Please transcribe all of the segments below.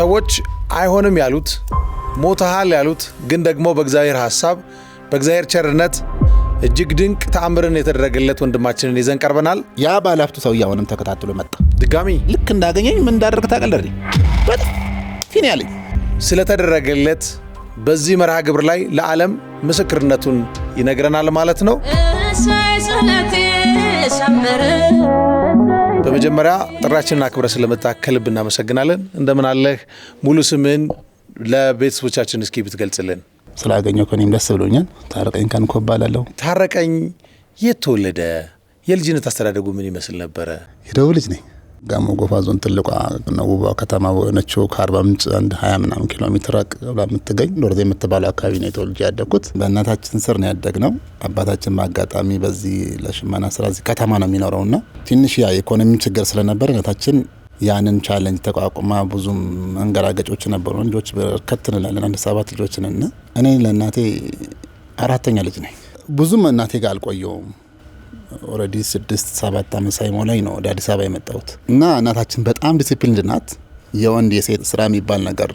ሰዎች አይሆንም ያሉት ሞተሃል ያሉት ግን ደግሞ በእግዚአብሔር ሐሳብ በእግዚአብሔር ቸርነት እጅግ ድንቅ ተአምርን የተደረገለት ወንድማችንን ይዘን ቀርበናል። ያ ባለሀብቱ ሰውዬ አሁንም ተከታትሎ መጣ። ድጋሚ ልክ እንዳገኘኝ ምን እንዳደርግ ታቀለሪ ፊን ያለኝ ስለተደረገለት በዚህ መርሃ ግብር ላይ ለዓለም ምስክርነቱን ይነግረናል ማለት ነው። በመጀመሪያ ጥሪያችንን አክብረ ስለመጣ ከልብ እናመሰግናለን። እንደምን አለህ? ሙሉ ስምን ለቤተሰቦቻችን እስኪ ብትገልጽልን። ስላገኘው ከኔም ደስ ብሎኛል። ታረቀኝ ካንኮ እባላለሁ። ታረቀኝ የት ተወለደ? የልጅነት አስተዳደጉ ምን ይመስል ነበረ? የደቡብ ልጅ ነኝ። ጋሞ ጎፋ ዞን ትልቋ ውቧ ከተማ የሆነችው ከአርባ ምንጭ አንድ ሀያ ምናምን ኪሎ ሜትር ብላ የምትገኝ ኖርዜ የምትባለው አካባቢ ነው የተወልጄ ያደግኩት። በእናታችን ስር ነው ያደግ ነው። አባታችን በአጋጣሚ በዚህ ለሽመና ስራ እዚህ ከተማ ነው የሚኖረው ና ትንሽ ያ የኢኮኖሚ ችግር ስለነበር እናታችን ያንን ቻለንጅ ተቋቁማ ብዙም መንገራገጮች ነበሩ። ልጆች በርከት እንላለን አንድ ሰባት ልጆችን እና እኔ ለእናቴ አራተኛ ልጅ ነኝ። ብዙም እናቴ ጋር አልቆየውም ኦልሬዲ ስድስት ሰባት ዓመት ሳይሞላኝ ነው ወደ አዲስ አበባ የመጣሁት እና እናታችን በጣም ዲሲፕሊንድ ናት። የወንድ የሴት ስራ የሚባል ነገር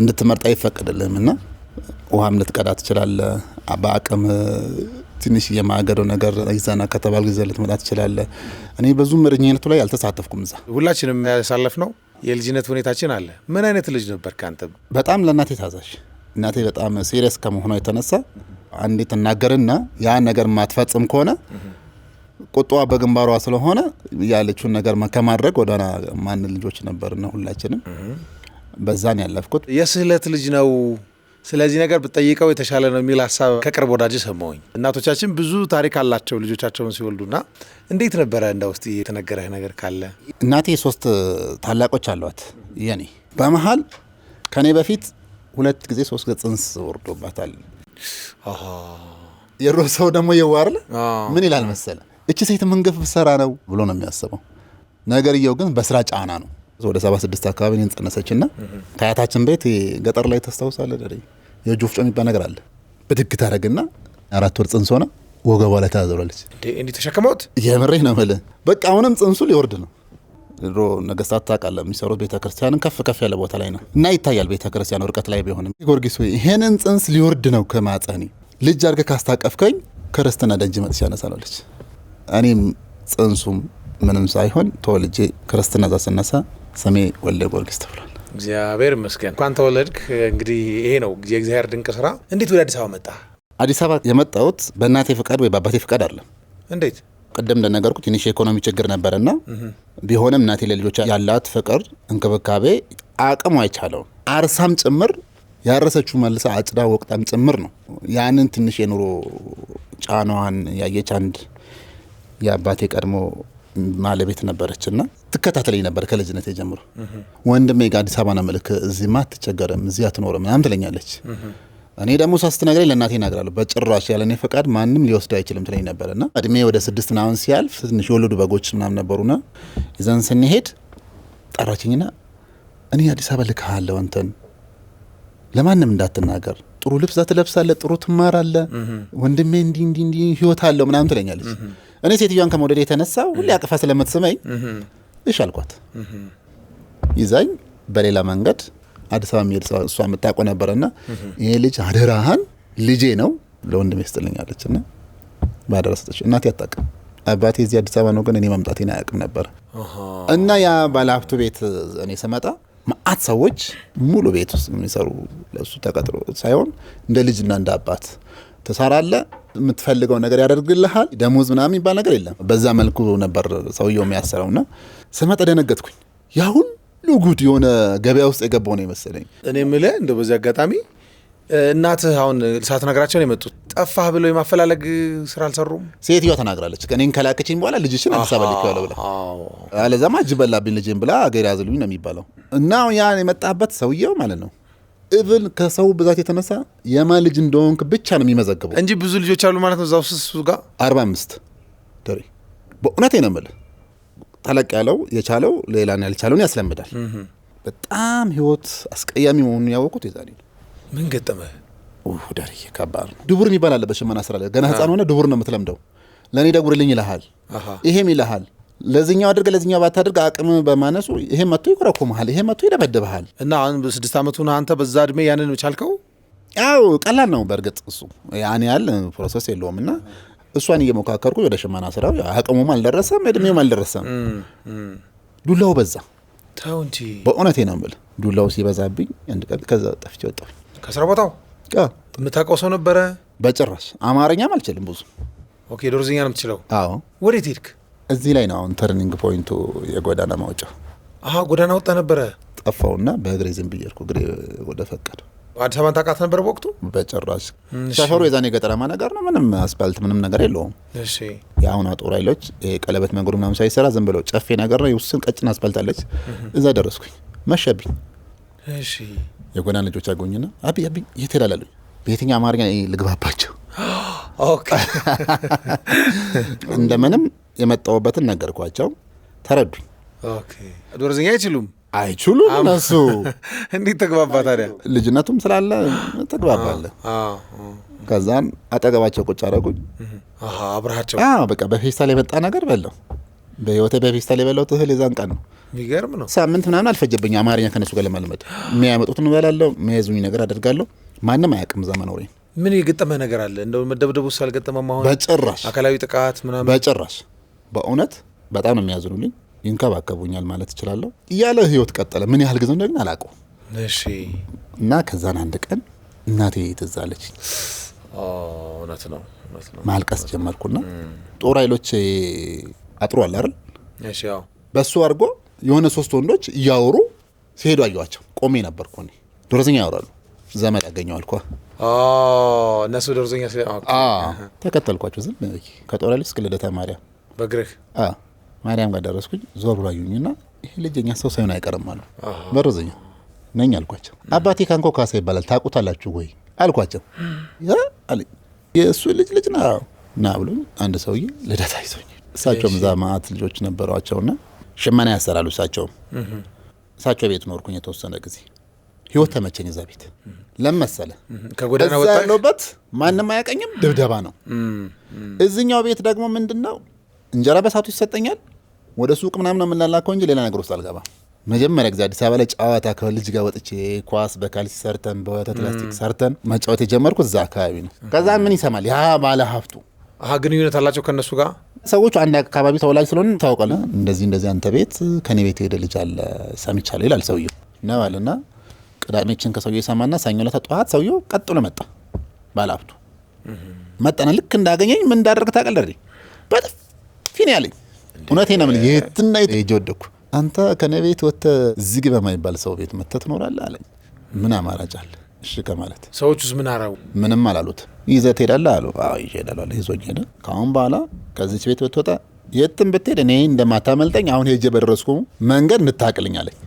እንድትመርጥ አይፈቀድልም እና ውሃም ልትቀዳ ትችላለ። በአቅም ትንሽ የማገዶ ነገር ይዘና ከተባል ጊዜ ልትመጣ ትችላለ። እኔ ብዙ መሪኝነቱ ላይ አልተሳተፍኩም። እዛ ሁላችንም ያሳለፍ ነው የልጅነት ሁኔታችን አለ። ምን አይነት ልጅ ነበር ከአንተ? በጣም ለእናቴ ታዛዥ። እናቴ በጣም ሲሪየስ ከመሆኗ የተነሳ አንዴ ትናገርና ያን ነገር ማትፈጽም ከሆነ ቁጥዋ በግንባሯ ስለሆነ ያለችውን ነገር ከማድረግ ወደ ማን ልጆች ነው ሁላችንም በዛን ያለፍኩት። የስህለት ልጅ ነው ስለዚህ ነገር ብጠይቀው የተሻለ ነው የሚል ሀሳብ ከቅርብ ወዳጅ ሰማውኝ እናቶቻችን ብዙ ታሪክ አላቸው ልጆቻቸውን ሲወልዱና እንዴት ነበረ? እንደ ውስጥ የተነገረህ ነገር ካለ። እናቴ ሶስት ታላቆች አሏት። የኔ በመሀል ከኔ በፊት ሁለት ጊዜ ሶስት ጽንስ ወርዶባታል። የድሮ ሰው ደግሞ የዋርል ምን ይላል መሰለ እቺ ሴት መንገፍ ብሰራ ነው ብሎ ነው የሚያስበው። ነገርየው ግን በስራ ጫና ነው። ወደ 76 አካባቢ እኔን እና ከአያታችን ቤት ገጠር ላይ ታስታውሳለህ፣ የእጅ ወፍጮ የሚባል ነገር አለ። ብድግ ታደርግና አራት ወር ጽንስ ሆነ ወገቧ ላይ ታዘሏለች። እንዲህ ተሸክመውት የምሬ ነው የምልህ። በቃ አሁንም ጽንሱ ሊወርድ ነው። ድሮ ነገስታት ታውቃለህ የሚሰሩት ቤተክርስቲያንን ከፍ ከፍ ያለ ቦታ ላይ ነው እና ይታያል ቤተክርስቲያን ርቀት ላይ ቢሆንም፣ ጊዮርጊስ ወይ ይሄንን ጽንስ ሊወርድ ነው ከማጸኒ ልጅ አድርገህ ካስታቀፍከኝ ክርስትና ደጅ መጥቼ ያነሳላለች እኔም ጽንሱም ምንም ሳይሆን ተወልጄ ክርስትና ዛ ስነሳ ስሜ ወልደ ጊዮርጊስ ተብሏል። እግዚአብሔር ይመስገን። እንኳን ተወለድክ። እንግዲህ ይሄ ነው የእግዚአብሔር ድንቅ ስራ። እንዴት ወደ አዲስ አበባ መጣ? አዲስ አበባ የመጣሁት በእናቴ ፍቃድ ወይ በአባቴ ፍቃድ አለ እንዴት ቅድም እንደነገርኩ ትንሽ የኢኮኖሚ ችግር ነበረና ቢሆንም እናቴ ለልጆች ያላት ፍቅር፣ እንክብካቤ አቅሙ አይቻለውም። አርሳም ጭምር ያረሰችው መልሳ አጭዳ ወቅጣም ጭምር ነው። ያንን ትንሽ የኑሮ ጫናዋን ያየች አንድ የአባቴ ቀድሞ ማለቤት ነበረች እና ትከታተለኝ ነበር ከልጅነት ጀምሮ። ወንድሜ ጋ አዲስ አበባ ነው ምልክ፣ ማ አትቸገርም፣ እዚህ አትኖርም ምናምን ትለኛለች። እኔ ደግሞ ሳስትነግረኝ ለእናቴ ይናግራለሁ። በጭራሽ ያለኔ ፈቃድ ማንም ሊወስድ አይችልም ትለኝ ነበር እና እድሜ ወደ ስድስት ምናምን ሲያልፍ ትንሽ የወለዱ በጎች ምናምን ነበሩና ይዘን ስንሄድ ጠራችኝና እኔ አዲስ አበባ ልክሃለሁ አንተን ለማንም እንዳትናገር፣ ጥሩ ልብስ ትለብሳለህ፣ ጥሩ አለ ወንድሜ እንዲ እንዲ እንዲ ህይወት አለው ምናምን ትለኛለች። እኔ ሴትዮዋን ከመውደድ የተነሳ ሁሌ አቅፋ ስለምትስመኝ እሽ አልኳት። ይዛኝ በሌላ መንገድ አዲስ አበባ የሚሄድ እሷ የምታውቀው ነበረና ይሄ ልጅ አደራህን ልጄ ነው ለወንድሜ ስጥልኛለች እና ባደራ ሰጠች። እናቴ አባቴ እዚህ አዲስ አበባ ነው፣ ግን እኔ መምጣቴን አያውቅም ነበር እና ያ ባለሀብቱ ቤት እኔ ስመጣ መአት ሰዎች ሙሉ ቤት ውስጥ የሚሰሩ ለሱ ተቀጥሮ ሳይሆን እንደ ልጅና እንደ አባት ትሰራለህ። የምትፈልገው ነገር ያደርግልሃል። ደሞዝ ምናምን የሚባል ነገር የለም። በዛ መልኩ ነበር ሰውየው የሚያሰረውና ስመጣ ደነገጥኩኝ። ያ ሁሉ ጉድ የሆነ ገበያ ውስጥ የገባው ነው የመሰለኝ። እኔ ምለ እንደ በዚህ አጋጣሚ እናትህ አሁን ሳትነግራቸው ነው የመጡት። ጠፋህ ብለው የማፈላለግ ስራ አልሰሩም? ሴትዮዋ ተናግራለች። እኔን ከላከችኝ በኋላ ልጅሽን አዲስ አበባ ልኬዋለሁ ብላ አለዛማ እጅ በላብኝ ልጅን ብላ አገር ያዝሉኝ ነው የሚባለው እና ያን የመጣበት ሰውየው ማለት ነው እብል ከሰው ብዛት የተነሳ የማን ልጅ እንደሆንክ ብቻ ነው የሚመዘግበው እንጂ ብዙ ልጆች አሉ ማለት ነው። እዛው ስሱ ጋር አርባ አምስት በእውነት ነው የምልህ። ተለቅ ያለው የቻለው ሌላ ያልቻለውን ያስለምዳል። በጣም ህይወት አስቀያሚ መሆኑን ያወቁት የዛሬ ነው። ምን ገጠመ ደሪ ከባድ ነው። ድቡር የሚባል አለ በሽመና ስራ ላይ ገና ህፃን ሆነ ድቡር ነው የምትለምደው። ለእኔ ደጉርልኝ ይልሃል፣ ይሄም ይልሃል። ለዚኛው አድርገ ለዚኛው ባታድርግ አቅም በማነሱ ይሄ መቶ ይኮረኩመሃል፣ ይሄ መቶ ይደበድበሃል። እና አሁን ስድስት ዓመቱ አንተ በዛ እድሜ ያንን ቻልከው? ያው ቀላል ነው በእርግጥ እሱ ያን ያህል ፕሮሰስ የለውም እና እሷን እየሞካከርኩ ወደ ሽመና ስራው አቅሙም አልደረሰም እድሜውም አልደረሰም። ዱላው በዛ ተው እንጂ በእውነቴ ነው የምልህ። ዱላው ሲበዛብኝ አንድ ቀን ከዛ ጠፍቼ ወጣሁ ከስራ ቦታው። የምታውቀው ሰው ነበረ? በጭራሽ አማርኛም አልችልም ብዙ። ኦኬ ዶርዝኛ ነው የምትችለው? አዎ። ወዴት ሄድክ? እዚህ ላይ ነው አሁን ተርኒንግ ፖይንቱ። የጎዳና ማውጫ አሀ ጎዳና ወጣ ነበረ። ጠፋውና በእግሬ ዝም ብዬ እርኩ እግሬ ወደ ፈቀድ አዲስ አበባን ታውቃት ነበር በወቅቱ? በጭራሽ ሰፈሩ የዛኔ የገጠራማ ነገር ነው። ምንም አስፓልት ምንም ነገር የለውም። የአሁን አጦ ራይሎች ቀለበት መንገዱ ምናምን ሳይሰራ ዝም ብለው ጨፌ ነገር ነው። የውስን ቀጭን አስፓልት አለች። እዛ ደረስኩኝ። መሸብኝ። የጎዳና ልጆች አገኙና አቢ አቢ የት ሄዳላሉኝ። በየትኛው አማርኛ ልግባባቸው? እንደምንም የመጣውበትን ነገርኳቸው። ተረዱኝ። ዶርዝኛ አይችሉም አይችሉም እነሱ እንዴት ተግባባ ታዲያ? ልጅነቱም ስላለ ተግባባለ። ከዛን አጠገባቸው ቁጭ አረጉኝ። አብረሃቸው በቃ በፌስታል የመጣ ነገር በለው። በህይወቴ በፌስታል የበላሁት እህል የዛን ቀን ነው። የሚገርም ነው። ሳምንት ምናምን አልፈጀብኝ አማርኛ ከነሱ ጋር ለማልመድ። የሚያመጡት እበላለሁ፣ የሚያዙኝ ነገር አደርጋለሁ። ማንም አያውቅም እዛ መኖሬን። ምን የገጠመ ነገር አለ እንደው መደብደቡ ስላልገጠመ ሆን በጭራሽ አካላዊ ጥቃት ምናምን በጭራሽ በእውነት በጣም ነው የሚያዝኑልኝ፣ ይንከባከቡኛል ማለት እችላለሁ። እያለ ህይወት ቀጠለ። ምን ያህል ጊዜ እንደግን እሺ። እና ከዛን አንድ ቀን እናቴ ትዝ አለች። እውነት ነው ማልቀስ ጀመርኩና ጦር ኃይሎች አጥሮ አለ አይደል? በእሱ አድርጎ የሆነ ሶስት ወንዶች እያወሩ ሲሄዱ አየኋቸው። ቆሜ ነበርኩ እኔ ዶርዘኛ ያወራሉ። ዘመድ ያገኘዋል ኳ እነሱ ዶርዘኛ ተከተልኳቸው። ዝም ከጦር ኃይሎች እስከ ልደታ ማርያም በግርህ ማርያም ጋር ደረስኩኝ። ዞር ብሎ አዩኝና ይህ ልጅ የኛ ሰው ሳይሆን አይቀርም አሉ። በረዘኛ ነኝ አልኳቸው። አባቴ ካንኮ ካሳ ይባላል ታውቁታላችሁ ወይ አልኳቸው። የእሱ ልጅ ልጅ ና ና ብሎ አንድ ሰውዬ ልደታ ይዞኝ፣ እሳቸውም እዛ ማአት ልጆች ነበሯቸውና ሽመና ያሰራሉ። እሳቸውም እሳቸው ቤት ኖርኩኝ የተወሰነ ጊዜ። ህይወት ተመቸኝ። እዛ ቤት ለመሰለ መሰለህ? ከጎዳና ወጣ ያለሁበት ማንም አያቀኝም፣ ድብደባ ነው። እዚኛው ቤት ደግሞ ምንድን ነው እንጀራ በሳቱ ይሰጠኛል። ወደ ሱቅ ምናምን የምንላላከው እንጂ ሌላ ነገር ውስጥ አልገባ። መጀመሪያ ጊዜ አዲስ አበባ ላይ ጨዋታ ከልጅ ጋር ወጥቼ ኳስ በካልሲ ሰርተን በወተት ላስቲክ ሰርተን መጫወት የጀመርኩት እዛ አካባቢ ነው። ከዛ ምን ይሰማል ያ ባለ ሀብቱ ግንኙነት አላቸው ከነሱ ጋር ሰዎቹ አንድ አካባቢ ተወላጅ ስለሆን ታውቀለ እንደዚህ እንደዚህ አንተ ቤት ከኔ ቤት ሄደ ልጅ አለ ሰምቻለሁ ይላል ሰውየው ነባል ና ቅዳሜችን ከሰውየ የሰማና ሰኞ ዕለት ጠዋት ሰውየው ቀጥሎ መጣ። ባለ ሀብቱ መጣና ልክ እንዳገኘኝ ምን እንዳደርግ ታውቃለህ በጥፍ ጥፊ ነው ያለኝ። እውነቴ ነው የምልህ። የትና የት ወደኩ። አንተ ከእኔ ቤት ወጥተህ ዝግ በማይባል ሰው ቤት መጥተህ ትኖራለህ አለኝ። ምን አማራጭ አለ? እሺ ከማለት ሰዎቹስ ምን አረው? ምንም አላሉት። ይዘህ ትሄዳለህ አሉ። አዎ ይዤ እሄዳለሁ። ይዞኝ ሄደ። ከአሁን በኋላ ከዚች ቤት ብትወጣ የትም ብትሄድ እኔ እንደማታመልጠኝ አሁን ሄጄ በደረስኩ መንገድ እንታቅልኝ አለኝ።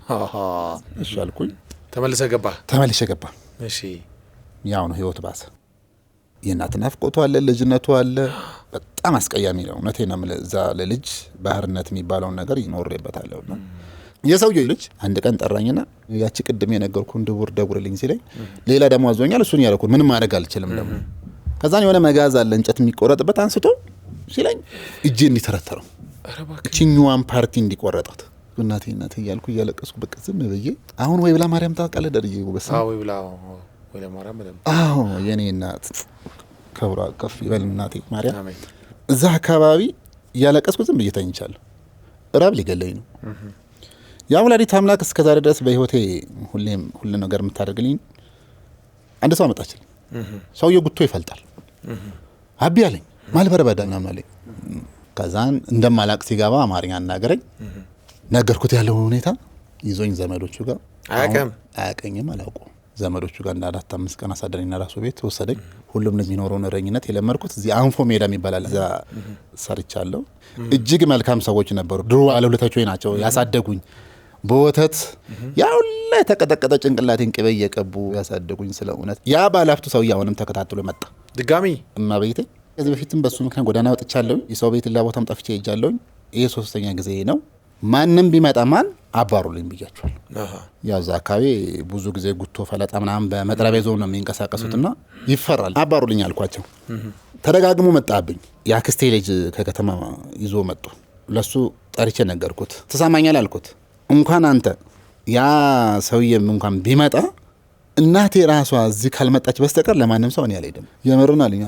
እሺ አልኩኝ። ተመልሰህ ገባህ? ተመልሼ ገባህ። እሺ ያው ነው ህይወት ባሰ። የእናት ናፍቆቱ አለ፣ ልጅነቱ አለ። በጣም አስቀያሚ ነው። እውነቴን ነው የምልህ። እዛ ለልጅ ባህርነት የሚባለውን ነገር ይኖርበታለሁ። የሰውዬው ልጅ አንድ ቀን ጠራኝና ያቺ ቅድም የነገርኩህን ድውር ደውልልኝ ሲለኝ ሌላ ደግሞ አዞኛል። እሱን ያለኩ ምንም ማድረግ አልችልም። ደግሞ ከዛን የሆነ መጋዝ አለ እንጨት የሚቆረጥበት አንስቶ ሲለኝ እጄ እንዲተረተረው እችኛዋን ፓርቲ እንዲቆረጣት እናቴ እናቴ እያልኩ እያለቀስኩ በቃ ዝም ብዬ አሁን ወይ ብላ ማርያም ታውቃለህ ደርዬ በሳ አዎ የኔ እናት ክብሯ ከፍ ይበል እናቴ ማርያም። እዛ አካባቢ እያለቀስኩ ዝም ብዬ ተኝቻለሁ። ራብ ሊገለኝ ነው። ያ የአምላዲት አምላክ እስከዛሬ ድረስ በህይወቴ ሁሌም ሁሉ ነገር የምታደርግልኝ አንድ ሰው አመጣችል። ሰውዬው ጉቶ ይፈልጣል አቢ አለኝ ማልበረበዳ ምናምን አለኝ። ከዛን እንደማላቅ ሲገባ አማርኛ አናገረኝ። ነገርኩት ያለውን ሁኔታ ይዞኝ ዘመዶቹ ጋር አያቀኝም አላውቁም ዘመዶቹ ጋር እንደ አራት አምስት ቀን ና ራሱ ቤት ወሰደኝ። ሁሉም የሚኖረውን እረኝነት የለመድኩት እዚህ አንፎ ሜዳ የሚባላል እዛ ሰርቻለሁ። እጅግ መልካም ሰዎች ነበሩ። ድሮ አለሁለታቸው ናቸው ያሳደጉኝ በወተት ያሁላ የተቀጠቀጠ ጭንቅላቴን ቅቤ እየቀቡ ያሳደጉኝ። ስለ እውነት ያ ባለሀብቱ ሰውዬ አሁንም ተከታትሎ መጣ ድጋሚ እማ እማቤቴ። ከዚህ በፊትም በሱ ምክንያት ጎዳና ወጥቻለሁኝ። የሰው ቤት ሌላ ቦታም ጠፍቼ ሄጃለሁኝ። ይህ ሶስተኛ ጊዜ ነው። ማንም ቢመጣ ማን አባሩልኝ ብያቸዋል። ያው እዛ አካባቢ ብዙ ጊዜ ጉቶ ፈለጣ ምናምን በመጥረቢያ ይዞ ነው የሚንቀሳቀሱትና ይፈራል። አባሩልኝ አልኳቸው። ተደጋግሞ መጣብኝ። የአክስቴ ልጅ ከከተማ ይዞ መጡ። ለሱ ጠርቼ ነገርኩት። ትሰማኛል አልኩት። እንኳን አንተ ያ ሰውዬም እንኳን ቢመጣ እናቴ ራሷ እዚህ ካልመጣች በስተቀር ለማንም ሰው እኔ አልሄድም። የምርን አለኝ።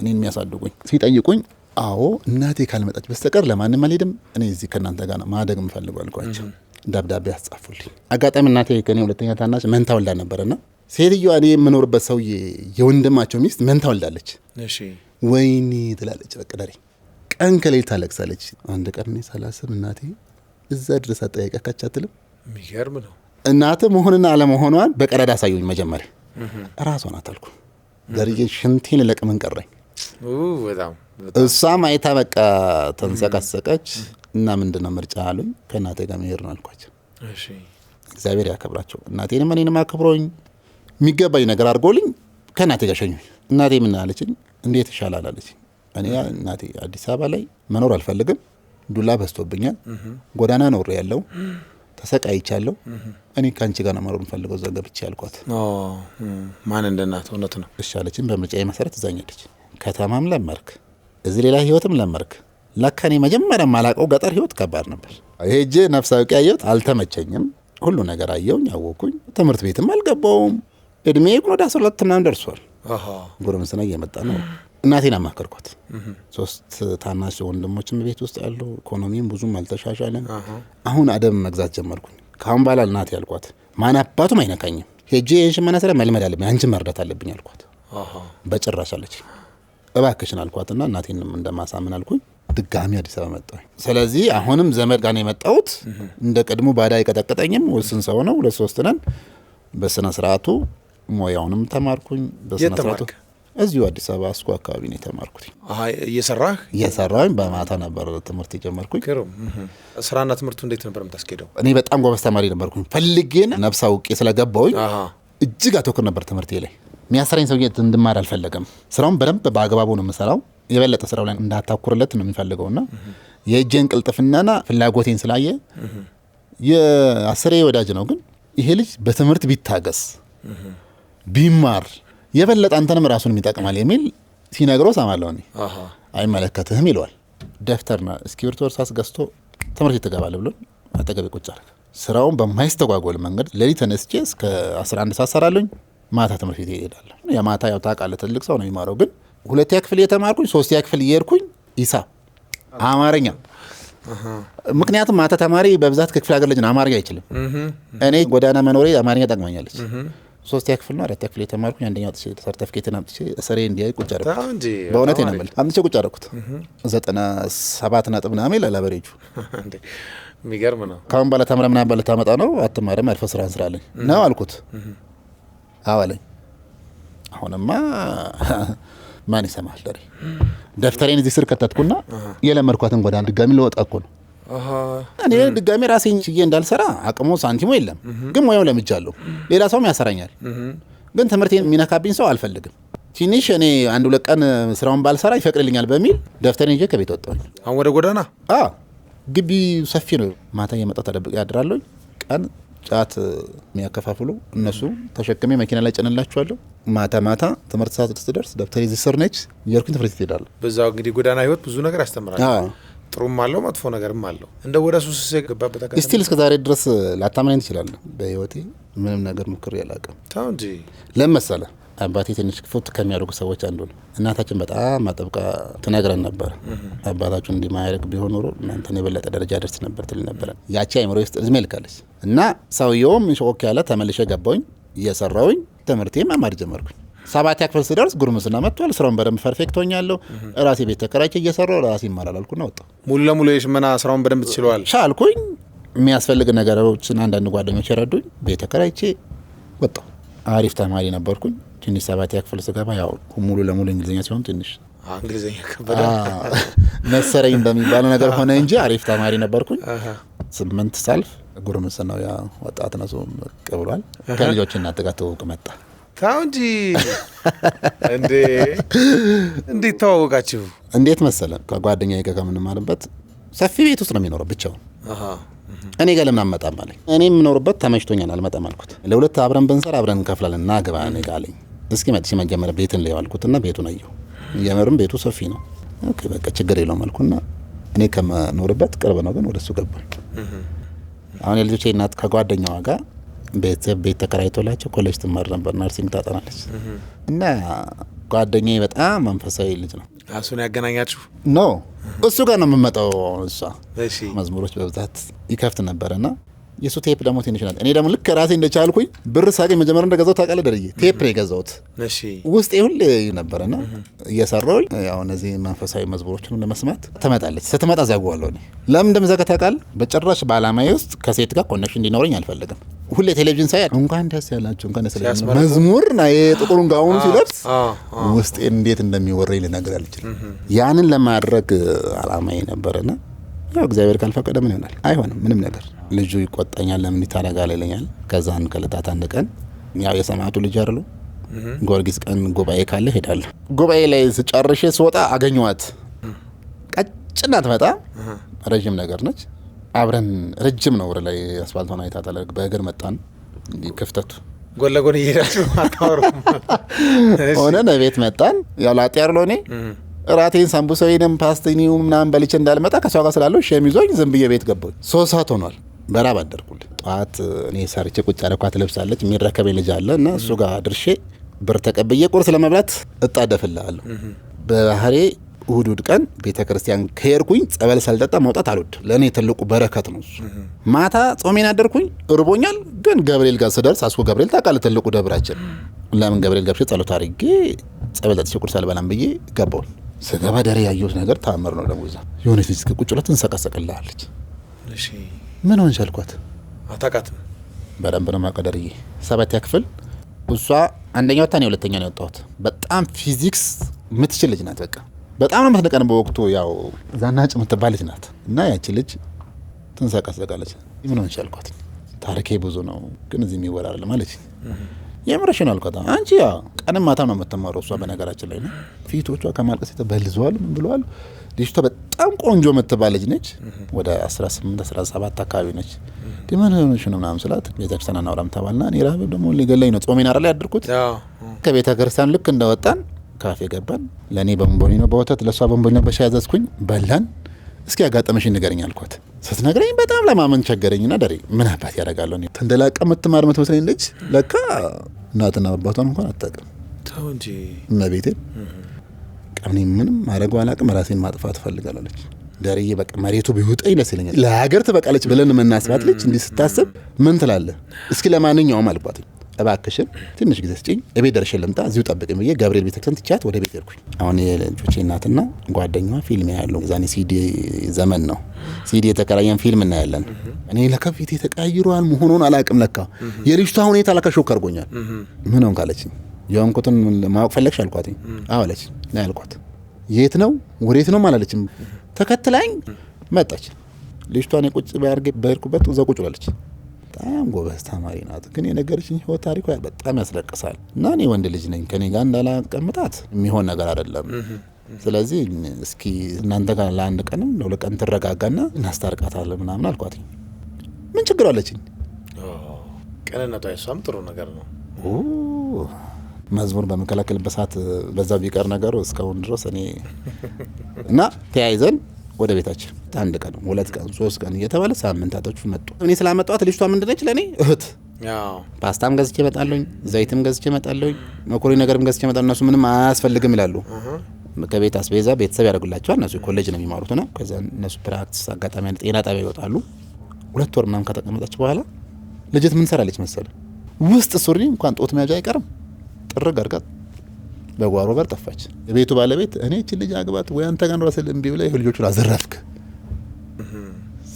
እኔን የሚያሳድጉኝ ሲጠይቁኝ አዎ እናቴ ካልመጣች በስተቀር ለማንም አልሄድም፣ እኔ እዚህ ከእናንተ ጋር ነው ማደግ የምፈልገው አልኳቸው። ደብዳቤ ያስጻፉልኝ። አጋጣሚ እናቴ ከኔ ሁለተኛ ታናሽ መንታ ወልዳ ነበረና ሴትዮዋ እኔ የምኖርበት ሰውዬ የወንድማቸው ሚስት መንታ ወልዳለች። ወይኔ ትላለች፣ በቅደሪ ቀን ከሌል ታለቅሳለች። አንድ ቀን እኔ ሳላስብ እናቴ እዛ ድረስ አጠያቂያካች አትልም። የሚገርም ነው። እናት መሆንና አለመሆኗን በቀዳዳ አሳዩኝ። መጀመሪያ ራሷ ናት አልኩ። ደርዬ ሽንቴን ለቅምን ቀረኝ እሷም አይታ በቃ ተንሰቀሰቀች እና ምንድነው ምርጫ አሉኝ። ከእናቴ ጋር መሄድ ነው አልኳቸው። እግዚአብሔር ያከብራቸው። እናቴንም እኔንም አክብሮኝ የሚገባኝ ነገር አድርጎልኝ ከእናቴ ጋር ሸኙኝ። እናቴ ምን አለችኝ? እንዴት ይሻላል አለችኝ። እኔ እናቴ አዲስ አበባ ላይ መኖር አልፈልግም፣ ዱላ በስቶብኛል ጎዳና ኖር ያለው ተሰቃይቻለሁ። እኔ ከአንቺ ጋር መኖር ንፈልገው ዘገብቼ ያልኳት። ማን እንደናት እውነት ነው። እሻለችን በምርጫ መሰረት እዛኛለች ከተማም ለመርክ፣ እዚህ ሌላ ህይወትም ለመርክ። ለካ እኔ መጀመሪያ ማላቀው ገጠር ህይወት ከባድ ነበር። ሄጄ ነፍስ አውቄ አየሁት፣ አልተመቸኝም። ሁሉ ነገር አየውኝ አወኩኝ። ትምህርት ቤትም አልገባውም። እድሜ ግን ወደ አስራ ሁለት ምናምን ደርሷል። ጉርምስና እየመጣ ነው። እናቴን አማከርኳት። ሶስት ታናሽ ወንድሞችም ቤት ውስጥ ያሉ፣ ኢኮኖሚም ብዙም አልተሻሻለም። አሁን አደብ መግዛት ጀመርኩኝ። ከአሁን በኋላ እናቴ ያልኳት ማን አባቱም አይነካኝም። ሄጄ ይህን ሽመና ስራ መልመድ አለብኝ፣ አንቺን መርዳት አለብኝ አልኳት። በጭራሽ አለች። እባክሽን አልኳትና እናቴንም እንደማሳምን አልኩኝ። ድጋሚ አዲስ አበባ መጣሁ። ስለዚህ አሁንም ዘመድ ጋር ነው የመጣሁት። እንደ ቀድሞ ባዳ አይቀጠቅጠኝም። ውስን ሰው ነው፣ ሁለት ሶስት ነን። በስነ ስርአቱ ሞያውንም ተማርኩኝ። በስነ ስርዓቱ እዚሁ አዲስ አበባ እስኩ አካባቢ ነው የተማርኩት። እየሰራህ እየሰራኝ በማታ ነበር ትምህርት የጀመርኩኝ። ስራና ትምህርቱ እንዴት ነበር የምታስኬደው? እኔ በጣም ጎበዝ ተማሪ ነበርኩኝ። ፈልጌን ነብሳ ውቄ ስለገባውኝ እጅግ አተኩር ነበር ትምህርቴ ላይ የሚያሰራኝ ሰውዬ እንድማር አልፈለገም። ስራውን በደንብ በአግባቡ ነው የምሰራው። የበለጠ ስራው ላይ እንዳታኩርለት ነው የሚፈልገው ና የእጄን ቅልጥፍናና ፍላጎቴን ስላየ የአስሬ ወዳጅ ነው። ግን ይሄ ልጅ በትምህርት ቢታገስ ቢማር የበለጠ አንተንም ራሱን ይጠቅማል የሚል ሲነግረው ሰማለሁ። እኔ አይመለከትህም ይለዋል። ደብተርና እስክሪብቶ እርሳስ ገዝቶ ትምህርት ይትገባል ብሎ አጠገቤ ቁጭ አለ። ስራውን በማይስተጓጎል መንገድ ሌሊት ተነስቼ እስከ 11 ሰዓት ሰራለኝ። ማታ ትምህርት ቤት ይሄዳል። የማታ ያው ታውቃለህ፣ ትልቅ ሰው ነው የሚማረው። ግን ሁለተኛ ክፍል እየተማርኩኝ ሶስተኛ ክፍል እየሄድኩኝ ሂሳብ፣ አማርኛ ምክንያቱም ማታ ተማሪ በብዛት ከክፍለ ሀገር ልጅ ነው፣ አማርኛ አይችልም። እኔ ጎዳና መኖሬ አማርኛ ጠቅማኛለች። ሶስተኛ ክፍል ነው አራተኛ ክፍል የተማርኩኝ አንደኛ ወጥቼ ሰርተፍኬትን አምጥቼ እስሬ እንዲያይ ቁጭ አደረኩት። በእውነት ነው የምልህ አምጥቼ ቁጭ አደረኩት። ዘጠና ሰባት ነጥብ ምናምን ይላል አበሬጁ። የሚገርም ነው። ከአሁን በኋላ ተምረህ ምናምን በልታመጣ ነው አትማርም፣ አልፈ ስራህን ስራ አለኝ ነው አልኩት። አዋለኝ። አሁንማ ማን ይሰማል? ደሬ ደፍተሬን እዚህ ስር ከተትኩና የለመድኳትን ጎዳና ድጋሚ ልወጣ እኮ ነው። እኔ ድጋሚ ራሴን ችዬ እንዳልሰራ አቅሙ ሳንቲሙ የለም፣ ግን ሙያው ለምጃለሁ። ሌላ ሰውም ያሰራኛል፣ ግን ትምህርቴን የሚነካብኝ ሰው አልፈልግም። ትንሽ እኔ አንድ ሁለት ቀን ስራውን ባልሰራ ይፈቅድልኛል በሚል ደፍተሬን ይዤ ከቤት ወጣሁኝ። አሁን ወደ ጎዳና ግቢ ሰፊ ነው። ማታ የመጣው ተደብቅ ያድራለኝ ቀን ጫት የሚያከፋፍሉ እነሱ ተሸክሜ መኪና ላይ ጭንላችኋለሁ። ማታ ማታ ትምህርት ሰዓት ስትደርስ ደብተር እዚህ ስር ነች እየርኩኝ ትምህርት ትሄዳለ። በዛው እንግዲህ ጎዳና ህይወት ብዙ ነገር ያስተምራል። ጥሩም አለው መጥፎ ነገርም አለው። እንደ ወደ ሱስ የገባበት ስቲል እስከ ዛሬ ድረስ ላታመናኝ ትችላለህ። በህይወቴ ምንም ነገር ሙክሬ አላውቅም። ለምን መሰለህ አባቴ ትንሽ ክፉት ከሚያደርጉ ሰዎች አንዱ ነው። እናታችን በጣም አጥብቃ ትነግረን ነበር። አባታችሁ እንዲማያደርግ ቢሆን ኖሮ እናንተን የበለጠ ደረጃ ደርስ ነበር ትል ነበረ። ያቺ አይምሮ ውስጥ እድሜ ልካለች እና ሰውየውም ሾክ ያለ ተመልሸ ገባሁኝ እየሰራውኝ ትምህርቴ መማር ጀመርኩኝ። ሰባት ክፍል ስደርስ ጉርምስና መጥቷል። ስራውን በደንብ ፐርፌክት ሆኛለሁ። ራሴ ቤት ተከራይቼ እየሰራው ራሴ ይማራል አልኩና ወጣሁ። ሙሉ ለሙሉ የሽመና ስራውን በደንብ ትችለዋል ሻልኩኝ። የሚያስፈልግ ነገሮችን አንዳንድ ጓደኞች የረዱኝ፣ ቤት ተከራይቼ ወጣሁ። አሪፍ ተማሪ ነበርኩኝ። ትንሽ ሰባተኛ ክፍል ስገባ ያው ሙሉ ለሙሉ እንግሊዝኛ ሲሆን ትንሽ መሰረኝ በሚባለው ነገር ሆነ እንጂ አሪፍ ተማሪ ነበርኩኝ። ስምንት ሳልፍ ጉርምስናው ያ ወጣት ነሱ ቅ ብሏል። ከልጆች እናት ጋር ትውውቅ መጣ። ታውንጂ እንዴ እንዴት ተዋወቃችሁ? እንዴት መሰለ ከጓደኛ ጋር ከምንማርበት ሰፊ ቤት ውስጥ ነው የሚኖረው ብቻውን እኔ ጋር ለምን አመጣም አለኝ። እኔ የምኖርበት ተመችቶኛል አልመጣም አልኩት። ለሁለት አብረን ብንሰራ አብረን እንከፍላለን እና ግባ እኔ ጋር አለኝ። እስኪ መጥ መጀመሪያ ቤትን ልየው አልኩትና ቤቱን አየሁ። የምርም ቤቱ ሰፊ ነው። ኦኬ በቃ ችግር የለውም አልኩና እኔ ከምኖርበት ቅርብ ነው ግን ወደሱ እሱ ገባል። አሁን የልጆቼ እናት ከጓደኛዋ ጋር ቤት ቤት ተከራይቶላቸው ኮሌጅ ትማር ነበር፣ ናርሲንግ ታጠናለች እና ጓደኛ በጣም መንፈሳዊ ልጅ ነው። እሱን ያገናኛችሁ ኖ እሱ ጋር ነው የምመጣው። እሷ መዝሙሮች በብዛት ይከፍት ነበረና የእሱ ቴፕ ደግሞ ትንሽ ናት። እኔ ደግሞ ልክ ራሴ እንደቻልኩኝ ብር ሳገኝ መጀመሪያ እንደገዛሁት ታውቃለህ፣ ደርዬ ቴፕ ነው የገዛሁት። ውስጤ ሁሌ ነበረና እየሰራሁኝ ያው እነዚህ መንፈሳዊ መዝሙሮችን ለመስማት ትመጣለች። ስትመጣ ዘጋዋለሁ። እኔ ለምን እንደምዘጋ ታውቃለህ? በጭራሽ በዓላማዬ ውስጥ ከሴት ጋር ኮኔክሽን እንዲኖረኝ አልፈልግም። ሁሌ ቴሌቪዥን ሳይ እንኳን ደስ ያላችሁ እንኳን ደስ ያላችሁ መዝሙር ና የጥቁሩን ጋውኑ ሲለብስ ውስጤ እንዴት እንደሚወረኝ ልነግርህ አልችልም። ያንን ለማድረግ ዓላማዬ ነበረና ያው እግዚአብሔር ካልፈቀደ ምን ይሆናል? አይሆንም ምንም ነገር። ልጁ ይቆጣኛል፣ ለምን ይታረጋል ይለኛል። ከዛን ከለታት አንድ ቀን ያው የሰማዕቱ ልጅ አይደሉ ጊዮርጊስ ቀን ጉባኤ ካለ ሄዳለሁ። ጉባኤ ላይ ስጨርሼ ስወጣ አገኘዋት። ቀጭን ናት በጣም ረዥም ነገር ነች። አብረን ረጅም ነው ወደ ላይ አስፋልት ሆና አይታ ታለቅ በእግር መጣን። ክፍተቱ ጎን ለጎን እየሄዳችሁ ሆነን ቤት መጣን። ያው ላጤ ያርሎ እኔ እራቴን ሳምቡሳዊንም ፓስቲኒው ምናምን በልቼ እንዳልመጣ ከሷ ጋር ስላለው ሸሚዞኝ ይዞኝ ዝም ብዬ ቤት ገባሁ። ሶስት ሰዓት ሆኗል። በራብ አደርኩል። ጠዋት እኔ ሰርቼ ቁጭ ያለ ኳት ለብሳለች የሚረከበኝ ልጅ አለ እና እሱ ጋር ድርሼ ብር ተቀብዬ ቁርስ ለመብላት እጣደፍልሃለሁ። በባህሬ እሁድ እሁድ ቀን ቤተ ክርስቲያን ከሄድኩኝ ጸበል ሳልጠጣ መውጣት አልወድም። ለእኔ ትልቁ በረከት ነው ማታ ጾሜን አደርኩኝ እርቦኛል፣ ግን ገብርኤል ጋር ስደርስ አስኮ ገብርኤል ታውቃለህ፣ ትልቁ ደብራችን። ለምን ገብርኤል ገብሼ ጸሎት አድርጌ ጸበል ጠጥቼ ቁርስ አልበላም ብዬ ገባሁኝ። ስገባ ደሬ ያየሁት ነገር ተአምር ነው። ደግሞ የሆነች ልጅ ቁጭ ብላ ትንሰቀሰቅልሃለች። ምን ሆንሽ አልኳት። አታውቃትም? በደንብ ነው የማውቀው ደርዬ። ሰባቲያ ክፍል እሷ አንደኛ ወታ እኔ ሁለተኛ ነው የወጣሁት። በጣም ፊዚክስ የምትችል ልጅ ናት። በቃ በጣም ነው የምትነቀን። በወቅቱ ያው ዛናጭ የምትባል ልጅ ናት እና ያቺ ልጅ ትንሰቀሰቃለች። ምን ሆንሽ አልኳት። ታሪኬ ብዙ ነው ግን እዚህ የሚወራ አይደለም አለች። የምረሽን አልኳት። አንቺ ያ ቀንም ማታ ነው የምትማረው እሷ በነገራችን ላይ ነው። ፊቶቿ ከማልቀስ ተበልዘዋል። ምን ብለዋል? ልጅቷ በጣም ቆንጆ የምትባል ልጅ ነች። ወደ 18 17 አካባቢ ነች። ዲመን ሆነሽ ነው ምናምን ስላት ቤተክርስቲያን አናውራም ተባልና እኔ ረሀብ ደግሞ ሊገላኝ ነው። ጾሜን አራ ላይ ያደርኩት ከቤተክርስቲያን ልክ እንደወጣን ካፌ ገባን። ለእኔ ነው በወተት ለእሷ ነው በሻይ ያዘዝኩኝ። በላን። እስኪ ያጋጠመሽ ንገረኝ አልኳት። ስትነግረኝ በጣም ለማመን ቸገረኝና ደሬ ምን አባት ያደርጋለሁ ተንደላቀ የምትማር የምትመስለኝ ልጅ ለካ እናትና አባቷን እንኳን አታውቅም። ተው እንጂ እመቤቴ፣ ቀኔ ምንም ማድረገው አላቅም፣ ራሴን ማጥፋት እፈልጋለች። ዳርዬ በቃ መሬቱ ቢውጠ ይለስ ይለኛል። ለሀገር ትበቃለች ብለን የምናስባት ልጅ እንዲህ ስታስብ ምን ትላለህ እስኪ? ለማንኛውም አልኳትኝ እባክሽን ትንሽ ጊዜ ስጭኝ፣ እቤት ደርሼ ልምጣ፣ እዚሁ ጠብቅኝ ብዬ ገብርኤል ቤተክርስቲያን ትቻት ወደ ቤት ሄድኩኝ። አሁን የልጆቼ እናትና ጓደኛዋ ፊልም ያሉ ዛኔ ሲዲ ዘመን ነው። ሲዲ የተቀራየን ፊልም እናያለን። እኔ ለከፊት ፊቴ መሆኑን አላቅም። ለካ የልጅቷ ሁኔታ ለካ ሾክ አድርጎኛል። ምን ሆንክ አለችኝ። የሆንኩትን ማወቅ ፈለግሽ አልኳት። አዎ አለች። ና ያልኳት የት ነው ወዴት ነው አላለችም። ተከትላኝ መጣች። ልጅቷን የቁጭ ባርጌ በሄድኩበት እዛ ቁጭ ብላለች። በጣም ጎበዝ ተማሪ ናት፣ ግን የነገረችኝ ህይወት ታሪኳ በጣም ያስለቅሳል እና እኔ ወንድ ልጅ ነኝ ከኔ ጋር እንዳላቀምጣት የሚሆን ነገር አይደለም። ስለዚህ እስኪ እናንተ ጋር ለአንድ ቀንም ለሁለት ቀን ትረጋጋና እናስታርቃታለ ምናምን አልኳት። ምን ችግር አለችኝ። ቀንነቷ የሷም ጥሩ ነገር ነው። መዝሙር በመከላከልበት ሰዓት በዛ ቢቀር ነገሩ እስካሁን ድረስ እኔ እና ተያይዘን ወደ ቤታችን አንድ ቀን ሁለት ቀን ሶስት ቀን እየተባለ ሳምንታቶች መጡ። እኔ ስላመጣዋት ልጅቷ ምንድነች ለእኔ እህት። ፓስታም ገዝቼ እመጣለሁኝ፣ ዘይትም ገዝቼ እመጣለሁኝ፣ መኮሪ ነገርም ገዝቼ እመጣለሁ። እነሱ ምንም አያስፈልግም ይላሉ። ከቤት አስቤዛ ቤተሰብ ያደርጉላቸዋል። እነሱ ኮሌጅ ነው የሚማሩት ነው። ከዚ እነሱ ፕራክቲስ አጋጣሚ ጤና ጣቢያ ይወጣሉ። ሁለት ወር ምናምን ከተቀመጠች በኋላ ልጅት ምን ሰራለች መሰለ ውስጥ ሱሪ እንኳን ጦት መያዣ አይቀርም ጥር ገርቀጥ በጓሮ በር ጠፋች። ቤቱ ባለቤት እኔ እችን ልጅ አግባት ወይ አንተ ጋር ራስህ እምቢ ልጆቹን አዘረፍክ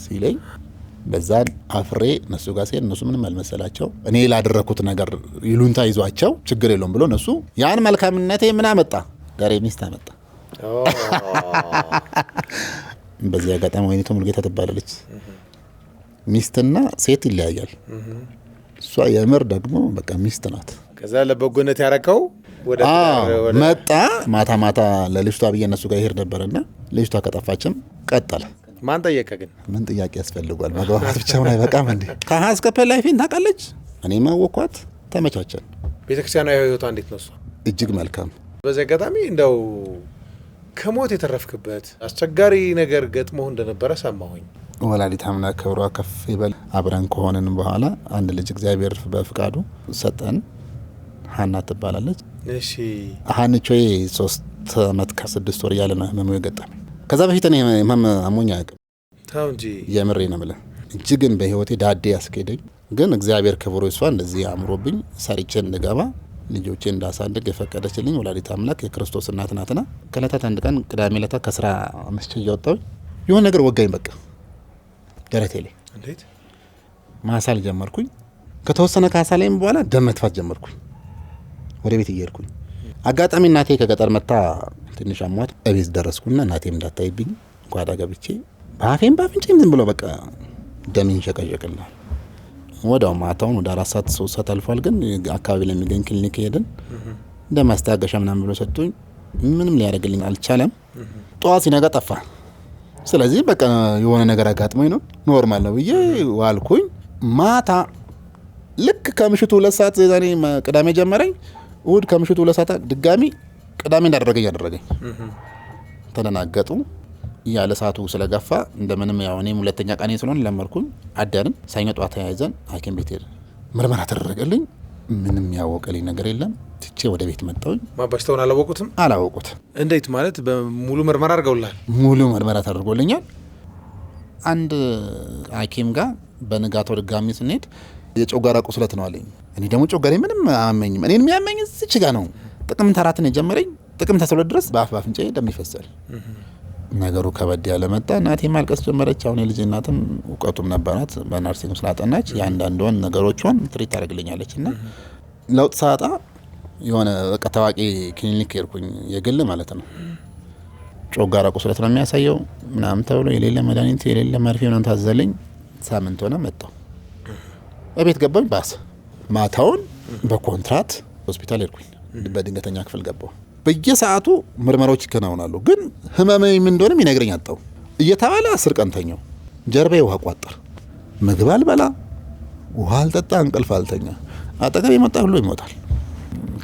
ሲለኝ በዛን አፍሬ እነሱ ጋር ሲሄድ እነሱ ምንም አልመሰላቸው። እኔ ላደረግኩት ነገር ይሉንታ ይዟቸው ችግር የለውም ብሎ እነሱ ያን መልካምነቴ ምን አመጣ ጋር ሚስት አመጣ። በዚህ አጋጣሚ ወይኒቱ ሙልጌታ ትባላለች። ሚስትና ሴት ይለያያል። እሷ የምር ደግሞ በቃ ሚስት ናት። ከዛ ለበጎነት ያረከው መጣ። ማታ ማታ ለልጅቷ ብዬ እነሱ ጋር ይሄድ ነበርና ልጅቷ ከጠፋችም ቀጠለ ማን ጠየቀ ግን? ምን ጥያቄ ያስፈልጓል? መግባባት ሆን አይበቃም እንዴ? ከሀ እስከ ፐ ላይፌን ታውቃለች። እኔ ማወኳት ተመቻቸን። ቤተክርስቲያናዊ ህይወቷ እንዴት ነው? እሷ እጅግ መልካም። በዚህ አጋጣሚ እንደው ከሞት የተረፍክበት አስቸጋሪ ነገር ገጥሞህ እንደነበረ ሰማሁኝ። ወላዲተ አምላክ ክብሯ ከፍ ይበል። አብረን ከሆንን በኋላ አንድ ልጅ እግዚአብሔር በፍቃዱ ሰጠን። ሀና ትባላለች። እሺ ሶስት አመት ከስድስት ወር እያለ ነው ህመሙ የገጠመኝ ከዛ በፊት እኔ ህመም አሞኝ አያውቅም። ተው እንጂ የምሬ ነው ብለህ እንጂ ግን በህይወቴ ዳዴ ያስኬደኝ ግን እግዚአብሔር ክብሩ ይስፋ እንደዚህ አእምሮብኝ ሰርቼ እንድገባ ልጆቼ እንዳሳድግ የፈቀደችልኝ ወላዲት አምላክ የክርስቶስ እናት ናትና ከእለታት አንድ ቀን ቅዳሜ ለታ ከስራ መስቼ እያወጣሁኝ የሆነ ነገር ወጋኝ። በቃ ደረቴ ላይ እንዴት ማሳል ጀመርኩኝ። ከተወሰነ ካሳ ላይም በኋላ ደም መትፋት ጀመርኩኝ። ወደ ቤት እየሄድኩኝ አጋጣሚ እናቴ ከገጠር መታ ትንሽ አሟት እቤት ደረስኩና እናቴም እንዳታይብኝ ጓዳ ገብቼ በአፌም በአፍንጭም ዝም ብሎ በቃ ደሜን ሸቀሸቅላል። ወዲያው ማታውን ወደ አራት ሰዓት ሶስት ሰዓት አልፏል። ግን አካባቢ ለሚገኝ ክሊኒክ ሄድን። እንደ ማስታገሻ ምናምን ብሎ ሰጡኝ። ምንም ሊያደርግልኝ አልቻለም። ጠዋት ሲነጋ ጠፋ። ስለዚህ በቃ የሆነ ነገር አጋጥሞኝ ነው ኖርማል ነው ብዬ ዋልኩኝ። ማታ ልክ ከምሽቱ ሁለት ሰዓት ዛኔ ቅዳሜ ጀመረኝ እሁድ ከምሽቱ ሁለት ሰዓት ድጋሚ ቅዳሜ እንዳደረገ እያደረገኝ ተደናገጡ። ያለ ሰዓቱ ስለገፋ እንደምንም ያው እኔም ሁለተኛ ቀኔ ስለሆን ለመርኩኝ። አደርን። ሰኞ ጠዋት ተያይዘን ሐኪም ቤት ሄድን። ምርመራ ተደረገልኝ። ምንም ያወቀልኝ ነገር የለም። ትቼ ወደ ቤት መጣሁኝ። በሽታውን አላወቁትም? አላወቁት። እንዴት ማለት? በሙሉ ምርመራ አድርገውላል? ሙሉ ምርመራ ተደርጎልኛል። አንድ ሐኪም ጋር በንጋታው ድጋሚ ስንሄድ የጨጓራ ቁስለት ነው አለኝ። እኔ ደግሞ ጮገሬ ምንም አመኝም። እኔን የሚያመኝ እዚች ጋ ነው። ጥቅምት አራትን የጀመረኝ ጥቅምት አስራ ሁለት ድረስ በአፍ ባፍንጫ ደም ይፈሳል። ነገሩ ከበድ ያለ መጣ። እናቴ ማልቀስ ጀመረች። አሁን የልጅ እናትም እውቀቱም ነበራት በናርሲንግ ስላጠናች የአንዳንድን ነገሮችን ትሪት ታደርግልኛለች እና ለውጥ ሳጣ የሆነ በቃ ታዋቂ ክሊኒክ ሄድኩኝ፣ የግል ማለት ነው። ጮጋራ ቁስለት ነው የሚያሳየው ምናምን ተብሎ የሌለ መድኃኒት የሌለ መርፌ ምናምን ታዘለኝ። ሳምንት ሆነ መጣው፣ በቤት ገባኝ ባስ ማታውን በኮንትራት ሆስፒታል ሄድኩኝ። በድንገተኛ ክፍል ገባሁ። በየሰዓቱ ምርመራዎች ይከናወናሉ። ግን ህመሜ ምን እንደሆነም ይነግረኝ አጣው እየተባለ አስር ቀን ተኛው። ጀርባዬ ውሃ ቋጠር፣ ምግብ አልበላ፣ ውሃ አልጠጣ፣ እንቅልፍ አልተኛ። አጠገብ የመጣ ሁሉ ይሞታል።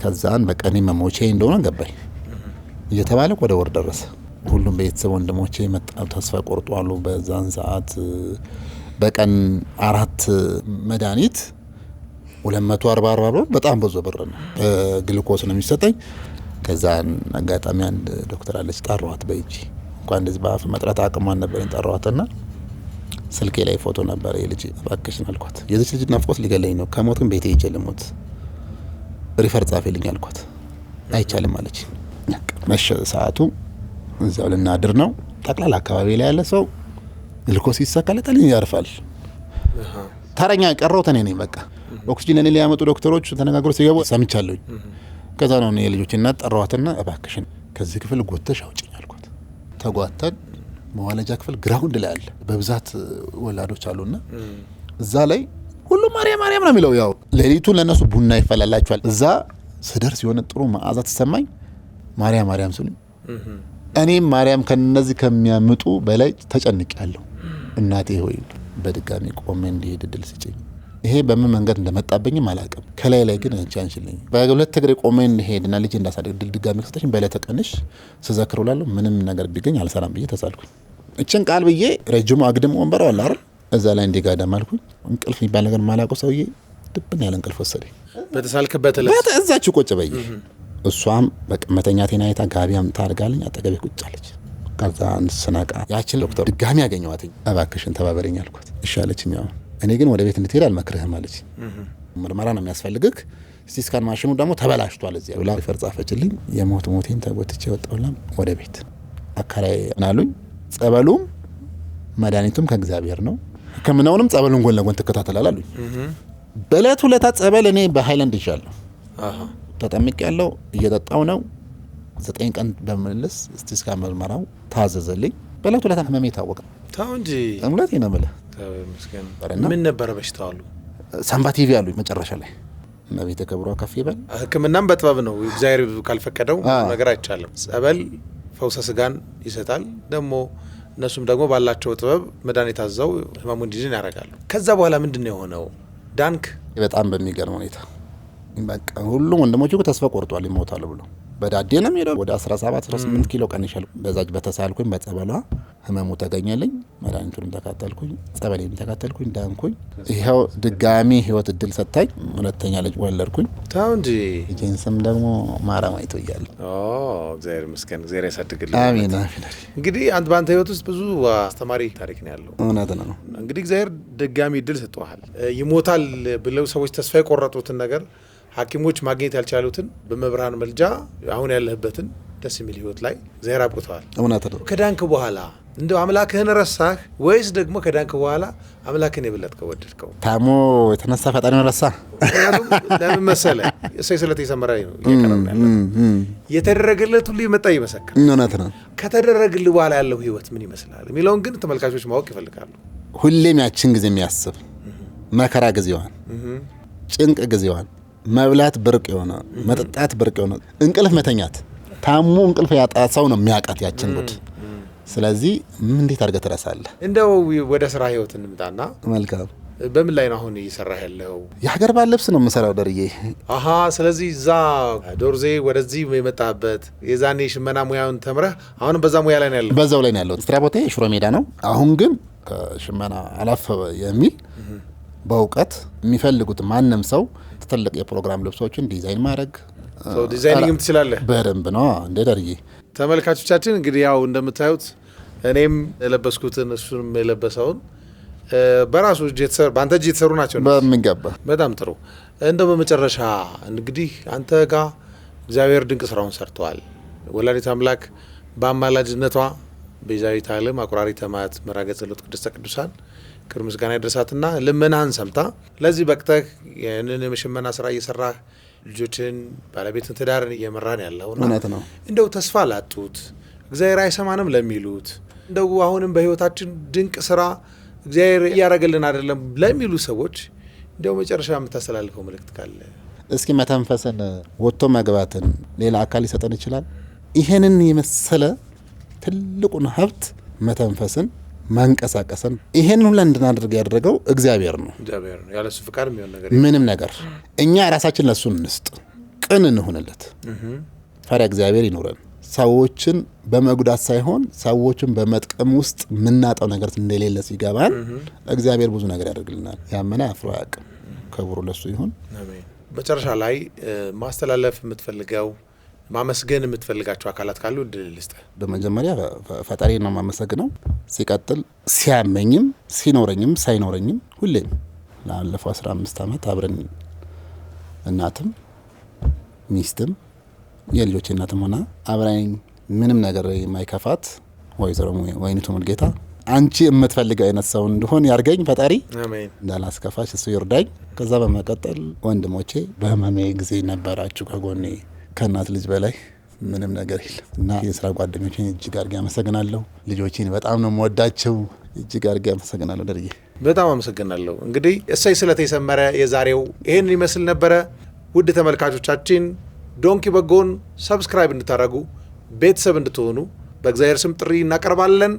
ከዛን በቀኔ መሞቼ እንደሆነ ገባኝ እየተባለ ወደ ወር ደረሰ። ሁሉም ቤተሰብ ወንድሞቼ መጣው ተስፋ ቆርጧሉ። በዛን ሰዓት በቀን አራት መድኃኒት 244 ብር በጣም ብዙ ብር ነው። ግልኮስ ነው የሚሰጠኝ። ከዛን አጋጣሚ አንድ ዶክተር አለች ጠሯት፣ በእጅ እንኳን እንደዚህ በአፍ መጥራት አቅሟን ነበር ጠሯትና ስልኬ ላይ ፎቶ ነበር የልጅ እባክሽን አልኳት። የዚች ልጅ ናፍቆት ሊገለኝ ነው፣ ከሞት ግን ቤቴ ሄጄ ልሞት፣ ሪፈር ጻፊልኝ አልኳት። አይቻልም አለች። መሸ ሰዓቱ፣ እዚያው ልናድር ነው። ጠቅላላ አካባቢ ላይ ያለ ሰው ልኮ ይሳካለታል፣ ያርፋል። ተረኛ ቀረው ተኔ ነኝ በቃ ኦክሲጂንን ሊያመጡ ዶክተሮች ተነጋግሮ ሲገቡ ሰምቻለሁኝ። ከዛ ነው የልጆች እና ጠራዋትና እባክሽን ከዚህ ክፍል ጎተሽ አውጭኝ አልኳት። ተጓተን መዋለጃ ክፍል ግራውንድ ላይ አለ፣ በብዛት ወላዶች አሉና እዛ ላይ ሁሉም ማርያም ማርያም ነው የሚለው። ያው ሌሊቱን ለእነሱ ቡና ይፈላላቸዋል። እዛ ስደርስ የሆነ ጥሩ መዓዛ ተሰማኝ። ማርያም ማርያም ስሉ እኔም ማርያም ከነዚህ ከሚያምጡ በላይ ተጨንቅ ተጨንቄያለሁ። እናቴ ሆይ በድጋሚ ቆሜ እንዲሄድ እድል ስጭኝ ይሄ በምን መንገድ እንደመጣብኝም አላውቅም። ከላይ ላይ ግን እጅ አንችልኝ በሁለት እግሬ ቆሜን ሄድና ልጅ እንዳሳደግ ድል ድጋሚ ክሰተች በዕለተ ተቀንሽ ስዘክር ውላለሁ። ምንም ነገር ቢገኝ አልሰራም ብዬ ተሳልኩኝ። እችን ቃል ብዬ ረጅሙ አግድም ወንበር አለ አይደል እዛ ላይ እንዲጋደም አልኩኝ። እንቅልፍ የሚባል ነገር ማላውቀው ሰውዬ ድብን ያለ እንቅልፍ ወሰደኝ። በተሳልክበት ለት እዛችሁ ቁጭ በይ። እሷም መተኛቴን አይታ ጋቢ አምጣ አድርጋለኝ አጠገቤ ቁጭ አለች። ከዛ እንስናቃ ያችን ዶክተር ድጋሚ ያገኘዋትኝ እባክሽን ተባበረኝ አልኳት። እሺ አለችኝ። እኔ ግን ወደ ቤት እንድትሄድ አልመክርህም አለች። ምርመራ ነው የሚያስፈልግህ። ሲቲ ስካን ማሽኑ ደግሞ ተበላሽቷል እዚያ ብላ ሪፈር ጻፈችልኝ። የሞት ሞቴን ተጎትቼ ወጣሁላ ወደ ቤት አካራይ ምናሉኝ። ጸበሉም መድኃኒቱም ከእግዚአብሔር ነው። ሕክምናውንም ጸበሉን ጎን ለጎን ትከታተላል አሉኝ። በእለት ሁለታ ጸበል እኔ በሀይላንድ ይዣለሁ ተጠምቅ ያለው እየጠጣው ነው። ዘጠኝ ቀን በምልልስ እስቲ ስካን ምርመራው ታዘዘልኝ። በእለት ሁለታ ህመሜ ታወቀ። ተው እንጂ እምነቴን ነው የምልህ። ምን ነበረ በሽታው አሉ? ሳምባ ቲቪ አሉ መጨረሻ ላይ እና ቤተ ከብሯ ከፍ ይበል። ህክምናም በጥበብ ነው እግዚአብሔር ካልፈቀደው ነገር አይቻልም። ጸበል ፈውሰ ስጋን ይሰጣል ደግሞ እነሱም ደግሞ ባላቸው ጥበብ መድኃኒት አዘው ህመሙ እንዲድን ያደርጋሉ። ከዛ በኋላ ምንድን ነው የሆነው? ዳንክ። በጣም በሚገርም ሁኔታ በቃ ሁሉም ወንድሞች ተስፋ ቆርጧል ይሞታሉ ብሎ በዳዴ ነው ሄደ። ወደ 17 18 ኪሎ ቀን ይሻል በዛች በተሳልኩኝ በጸበሏ ህመሙ ተገኘልኝ፣ መድኃኒቱንም ተካተልኩኝ፣ ጸበሌንም ተካተልኩኝ፣ ዳንኩኝ። ይኸው ድጋሚ ህይወት እድል ሰጥታኝ ሁለተኛ ልጅ ወለድኩኝ። ተው እንጂ ልጄን ስም ደግሞ ማርያም እግዚአብሔር ይመስገን፣ እግዚአብሔር ያሳድግልኝ። አሜን አሜን። እንግዲህ አንድ በአንተ ህይወት ውስጥ ብዙ አስተማሪ ታሪክ ነው ያለው። እውነት ነው። እንግዲህ እግዚአብሔር ድጋሚ እድል ሰጥተዋል። ይሞታል ብለው ሰዎች ተስፋ የቆረጡትን ነገር ሐኪሞች ማግኘት ያልቻሉትን በመብርሃን መልጃ አሁን ያለህበትን ደስ የሚል ህይወት ላይ እግዚአብሔር አብቅተዋል። እውነት ነው። ከዳንክ በኋላ እንደ አምላክህን ረሳህ ወይስ ደግሞ ከዳንክ በኋላ አምላክህን የበለጥከው ወደድከው? ታሞ የተነሳ ፈጣሪውን ረሳ። ለምን መሰለህ? እሰይ ስለተሰመረ ነው እየቀረብ ያለ የተደረገለት ሁሉ የመጣ ይመሰክር። እውነት ነው። ከተደረግልህ በኋላ ያለው ህይወት ምን ይመስላል የሚለውን ግን ተመልካቾች ማወቅ ይፈልጋሉ። ሁሌም ያችን ጊዜ የሚያስብ መከራ ጊዜዋን፣ ጭንቅ ጊዜዋን፣ መብላት ብርቅ የሆነ መጠጣት ብርቅ የሆነ እንቅልፍ መተኛት ታሞ እንቅልፍ ያጣ ሰው ነው የሚያውቃት ያችን ጉድ። ስለዚህ ምን እንዴት አድርገህ ትረሳለህ? እንደው ወደ ስራ ህይወት እንምጣና መልካም በምን ላይ ነው አሁን እየሰራህ ያለው? የሀገር ባህል ልብስ ነው የምሰራው ደርዬ። አሀ ስለዚህ እዛ ዶርዜ ወደዚህ የመጣበት የዛኔ ሽመና ሙያውን ተምረህ አሁንም በዛ ሙያ ላይ ነው ያለው? በዛው ላይ ነው ያለው። ስራ ቦታ የሽሮ ሜዳ ነው። አሁን ግን ከሽመና አላፈ የሚል በእውቀት የሚፈልጉት ማንም ሰው ትልቅ የፕሮግራም ልብሶችን ዲዛይን ማድረግ ዲዛይኒንግም ትችላለህ በደንብ ነው እንደ ዳርዬ። ተመልካቾቻችን እንግዲህ ያው እንደምታዩት እኔም የለበስኩትን እሱንም የለበሰውን በራሱ በአንተ እጅ የተሰሩ ናቸው። በሚገባ በጣም ጥሩ። እንደው በመጨረሻ እንግዲህ አንተ ጋ እግዚአብሔር ድንቅ ስራውን ሰርተዋል። ወላዲት አምላክ በአማላጅነቷ ቤዛዊት ዓለም አቁራሪ ተማት መራገ ጸሎት ቅድስተ ቅዱሳን ክብር ምስጋና ይድረሳትና ልመናህን ሰምታ ለዚህ በቅተህ ይህንን የመሸመና ስራ እየሰራህ ልጆችን፣ ባለቤትን፣ ትዳርን እየመራን ያለው እውነት ነው። እንደው ተስፋ ላጡት እግዚአብሔር አይሰማንም ለሚሉት እንደው አሁንም በህይወታችን ድንቅ ስራ እግዚአብሔር እያደረገልን አይደለም ለሚሉ ሰዎች እንደው መጨረሻ የምታስተላልፈው መልእክት ካለ እስኪ መተንፈስን ወጥቶ መግባትን ሌላ አካል ሊሰጠን ይችላል። ይህንን የመሰለ ትልቁን ሀብት መተንፈስን ማንቀሳቀሰን ይሄን ሁላ እንድናደርግ ያደረገው እግዚአብሔር ነው። ምንም ነገር እኛ ራሳችን ለሱ እንስጥ፣ ቅን እንሆንለት። ፈሪሃ እግዚአብሔር ይኖረን። ሰዎችን በመጉዳት ሳይሆን ሰዎችን በመጥቀም ውስጥ የምናጣው ነገር እንደሌለ ሲገባን እግዚአብሔር ብዙ ነገር ያደርግልናል። ያመነ አፍሮ አያውቅም። ክብሩ ለሱ ይሁን። መጨረሻ ላይ ማስተላለፍ የምትፈልገው ማመስገን የምትፈልጋቸው አካላት ካሉ እድል ልስጥ። በመጀመሪያ ፈጣሪ ነው ማመሰግነው። ሲቀጥል ሲያመኝም ሲኖረኝም ሳይኖረኝም ሁሌም ላለፈው 15 ዓመት አብረን እናትም ሚስትም የልጆች እናትም ሆና አብራኝ ምንም ነገር የማይከፋት ወይዘሮ ወይኒቱ ሙልጌታ አንቺ የምትፈልገው አይነት ሰው እንድሆን ያርገኝ ፈጣሪ እንዳላስከፋሽ እሱ ይርዳኝ። ከዛ በመቀጠል ወንድሞቼ በህመሜ ጊዜ ነበራችሁ ከጎኔ ከእናት ልጅ በላይ ምንም ነገር የለም እና የስራ ጓደኞችን እጅግ አድርጌ አመሰግናለሁ። ልጆችን በጣም ነው የምወዳቸው። እጅግ አድርጌ አመሰግናለሁ ደርዬ፣ በጣም አመሰግናለሁ። እንግዲህ እሰይ ስለተሰመረ የሰመረ የዛሬው ይህን ይመስል ነበረ። ውድ ተመልካቾቻችን ዶንኪ በጎን ሰብስክራይብ እንድታደርጉ ቤተሰብ እንድትሆኑ በእግዚአብሔር ስም ጥሪ እናቀርባለን።